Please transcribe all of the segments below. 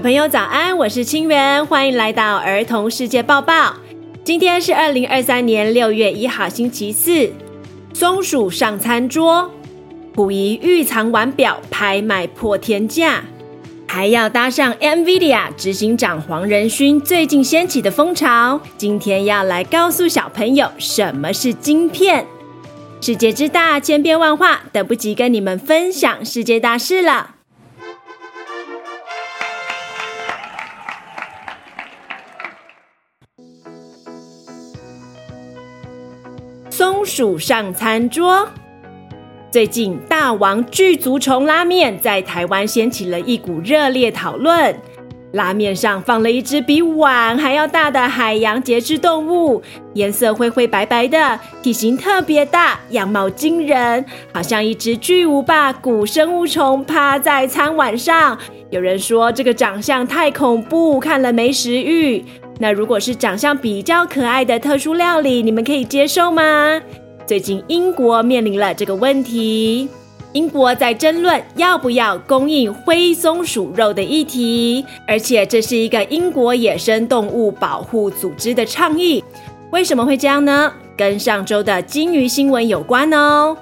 小朋友早安，我是清源，歡迎來到兒童世界報報。今天是二零二三年六月一號星期四，松鼠上餐桌，溥儀御藏腕錶拍賣破天價，還要搭上 NVIDIA 執行長黃仁勳最近掀起的風潮。今天要來告訴小朋友什麼是晶片。世界之大，千變萬化，等不及跟你們分享世界大事了。鼠上餐桌。最近，大王巨足蟲拉麵在台灣掀起了一股熱烈討論。拉麵上放了一隻比碗還要大的海洋節肢動物，顏色灰灰白白的，體型特別大，樣貌驚人，好像一隻巨無霸古生物蟲趴在餐碗上。有人說這個長相太恐怖，看了沒食欲。那如果是長相比較可愛的特殊料理，你們可以接受嗎？最近英國面臨了這個問題，英國在爭論要不要供應灰松鼠肉的議題，而且這是一個英國野生動物保護組織的倡議。為什麼會這樣呢？跟上周的金魚新聞有關哦。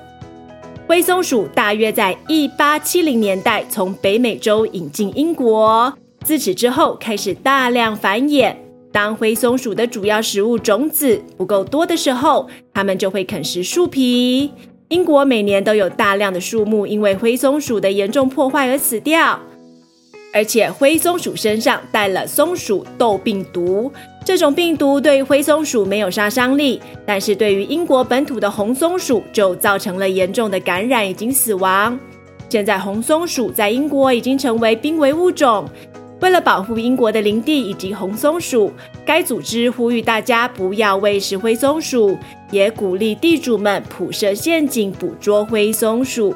灰松鼠大約在一八七零年代從北美洲引進英國，自此之後開始大量繁衍。當灰松鼠的主要食物種子不夠多的時候，它們就會啃食樹皮。英國每年都有大量的樹木因為灰松鼠的嚴重破壞而死掉。而且灰松鼠身上帶了松鼠痘病毒，這種病毒對於灰松鼠沒有殺傷力，但是對於英國本土的紅松鼠就造成了嚴重的感染，已經死亡。現在紅松鼠在英國已經成為瀕危物種。為了保護英國的林地以及紅松鼠，該組織呼籲大家不要餵食灰松鼠，也鼓勵地主們鋪設陷阱捕捉灰松鼠。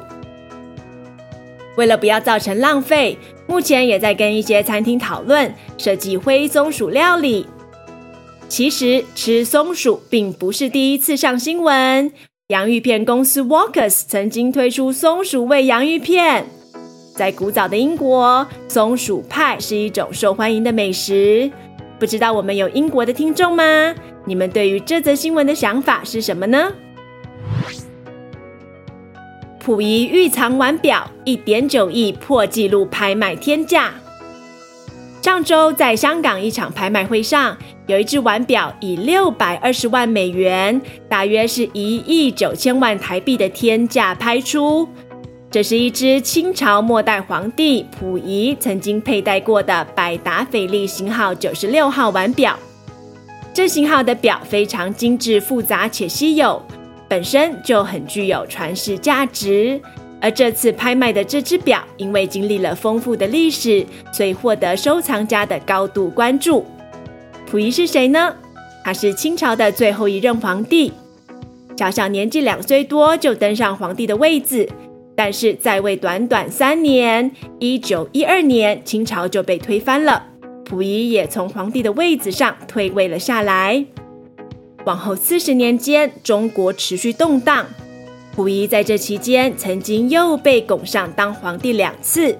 為了不要造成浪費，目前也在跟一些餐廳討論設計灰松鼠料理。其實吃松鼠並不是第一次上新聞，洋芋片公司 Walkers 曾經推出松鼠味洋芋片。在古早的英國，松鼠派是一種受歡迎的美食。不知道我們有英國的聽眾嗎？你們對於這則新聞的想法是什麼呢？溥儀御藏腕錶，一點九億破紀錄拍賣天價。上周在香港一場拍賣會上，有一只腕錶以六百二十萬美元，大約是一億九千萬台幣的天價拍出。這是一隻清朝末代皇帝溥儀曾經佩戴過的百達翡麗型號九十六號腕錶。這型號的錶非常精緻，複雜且稀有，本身就很具有傳世價值。而這次拍賣的這隻錶，因為經歷了豐富的歷史，所以獲得收藏家的高度關注。溥儀是誰呢？他是清朝的最後一任皇帝，小小年紀兩歲多就登上皇帝的位子。但是在位短短三年，一九一二年，清朝就被推翻了，溥儀也從皇帝的位子上退位了下來。往後四十年間，中國持續動盪，溥儀在這期間曾經又被拱上當皇帝兩次，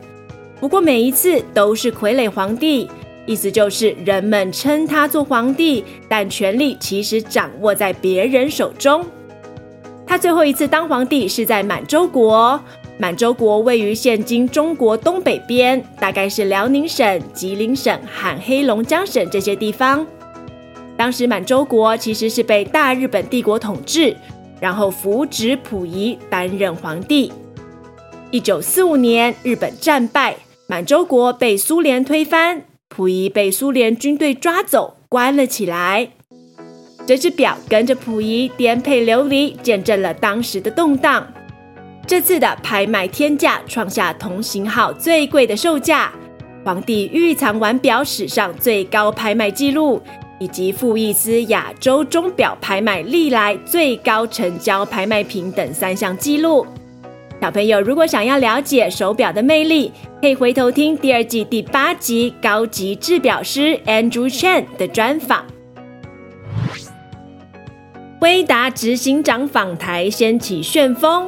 不過每一次都是傀儡皇帝，意思就是人們稱他做皇帝，但權力其實掌握在別人手中。他最後一次當皇帝是在滿洲國，滿洲國位於現今中國東北邊，大概是遼寧省、吉林省和黑龍江省這些地方。當時滿洲國其實是被大日本帝國統治，然後扶植溥儀擔任皇帝。一九四五年，日本戰敗，滿洲國被蘇聯推翻，溥儀被蘇聯軍隊抓走，關了起來。這隻表跟着溥儀顛沛流離，見證了當時的動盪。這次的拍賣天價，創下同型號最貴的售價、皇帝御藏腕表史上最高拍賣紀錄，以及富藝斯亞洲鐘表拍賣歷來最高成交拍賣品等三項紀錄。小朋友如果想要了解手表的魅力，可以回頭聽第二季第八集高級製表師 Andrew Chen 的專訪。輝達執行長訪台掀起旋風。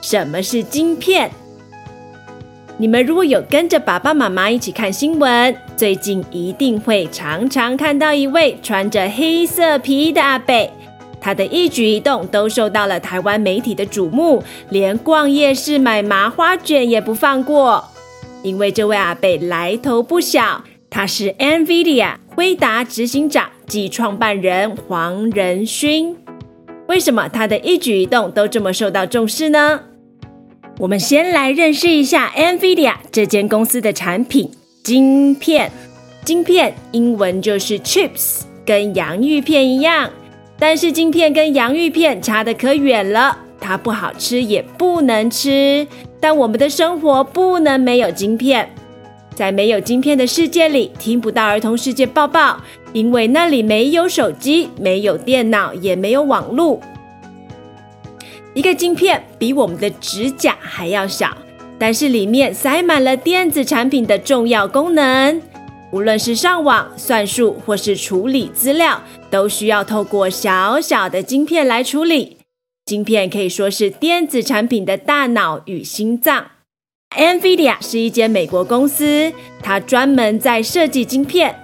什麼是晶片？你們如果有跟着爸爸媽媽一起看新聞，最近一定會常常看到一位穿着黑色皮衣的阿伯，他的一舉一動都受到了台灣媒體的矚目，連逛夜市買麻花卷也不放過。因為這位阿伯來頭不小，他是 NVIDIA 輝達執行長暨創辦人黃仁勳。為什麼他的一舉一動都這麼受到重視呢？我們先來認識一下 NVIDIA 這間公司的產品——晶片。晶片英文就是 chips，跟洋芋片一樣。但是晶片跟洋芋片差得可遠了，它不好吃也不能吃，但我們的生活不能沒有晶片。在沒有晶片的世界裡，聽不到兒童世界報報，因為那裡沒有手機，沒有電腦，也沒有網絡。一個晶片比我們的指甲還要小，但是裡面塞滿了電子產品的重要功能。無論是上網、算數，或是處理資料，都需要透過小小的晶片來處理。晶片可以說是電子產品的大腦與心臟。NVIDIA 是一間美國公司，它專門在設計晶片。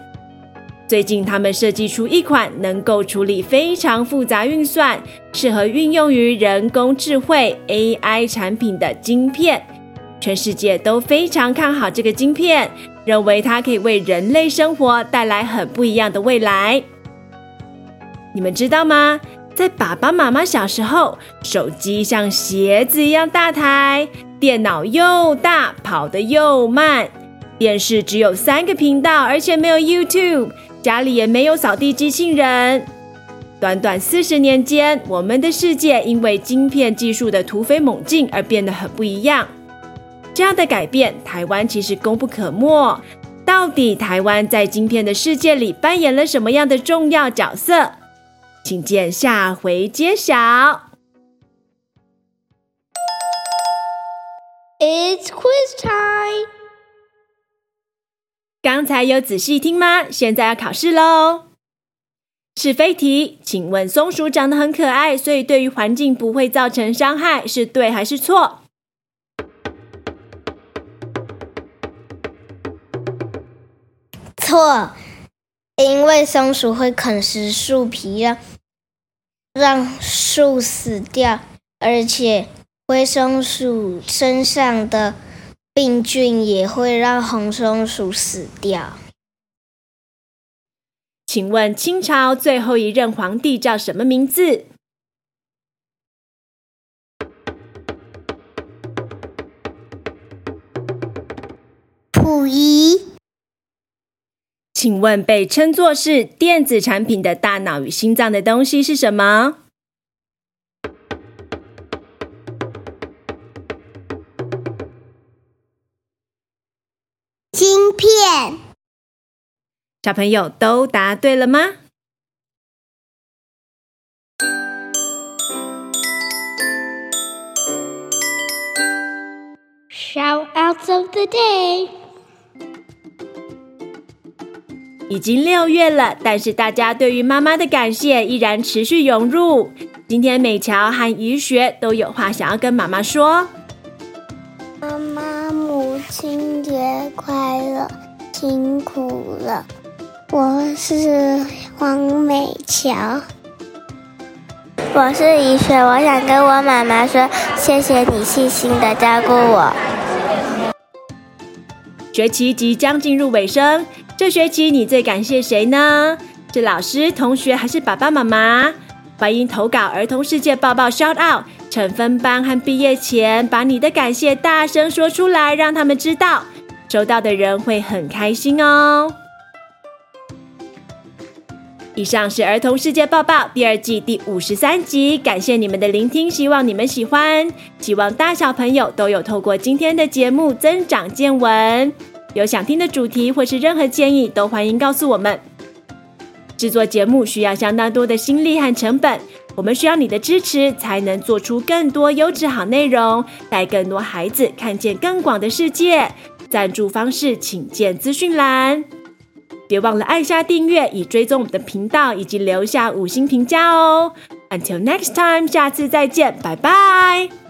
最近，他們設計出一款能夠處理非常複雜運算、適合運用於人工智慧 AI 產品的晶片，全世界都非常看好這個晶片，認為它可以為人類生活帶來很不一樣的未來。你們知道嗎？在爸爸媽媽小時候，手機像鞋子一樣大台。電腦又大，跑得又慢；電視只有三個頻道，而且沒有 YouTube，家裡也沒有掃地機器人。短短四十年間，我們的世界因為晶片技術的突飛猛進而變得很不一樣。這樣的改變，台灣其實功不可沒。到底台灣在晶片的世界裡扮演了什麼樣的重要角色？請見下回揭曉。It's Quiz Time，剛才有仔細聽嗎？現在要考試嘍。是非題，請問松鼠長得很可愛，所以對於環境不會造成傷害，是對還是錯？錯，因為松鼠會啃食樹皮呀，讓樹死掉，而且。灰松鼠身上的病菌也會讓紅松鼠死掉。請問清朝最後一任皇帝叫什麼名字？溥儀。請問被稱作是電子產品的大腦與心臟的東西是什麼？晶片，小朋友都答對了嗎？Shout outs of the day，已經六月了，但是大家對於媽媽的感謝依然持續湧入。今天美喬和雨雪都有話想要跟媽媽說。春節快樂，辛苦了！我是黃美喬，我是一雪。我想跟我媽媽說，謝謝你細心的照顧我。學期即將進入尾聲，這學期你最感謝誰呢？是老師、同學，還是爸爸媽媽？歡迎投稿《兒童世界》報報，shout out。趁分班和畢業前，把你的感謝大聲說出來，讓他們知道，收到的人會很開心哦。以上是兒童世界報報第二季第五十三集，感謝你們的聆聽，希望你們喜歡。希望大小朋友都有透過今天的節目增長見聞。有想聽的主題或是任何建議，都歡迎告訴我們。製作節目需要相當多的心力和成本。我們需要你的支持，才能做出更多優質好內容，帶更多孩子看見更廣的世界。贊助方式請見資訊欄，別忘了按下訂閱，以追蹤我們的頻道，以及留下五星評價哦。Until next time，下次再見，拜拜。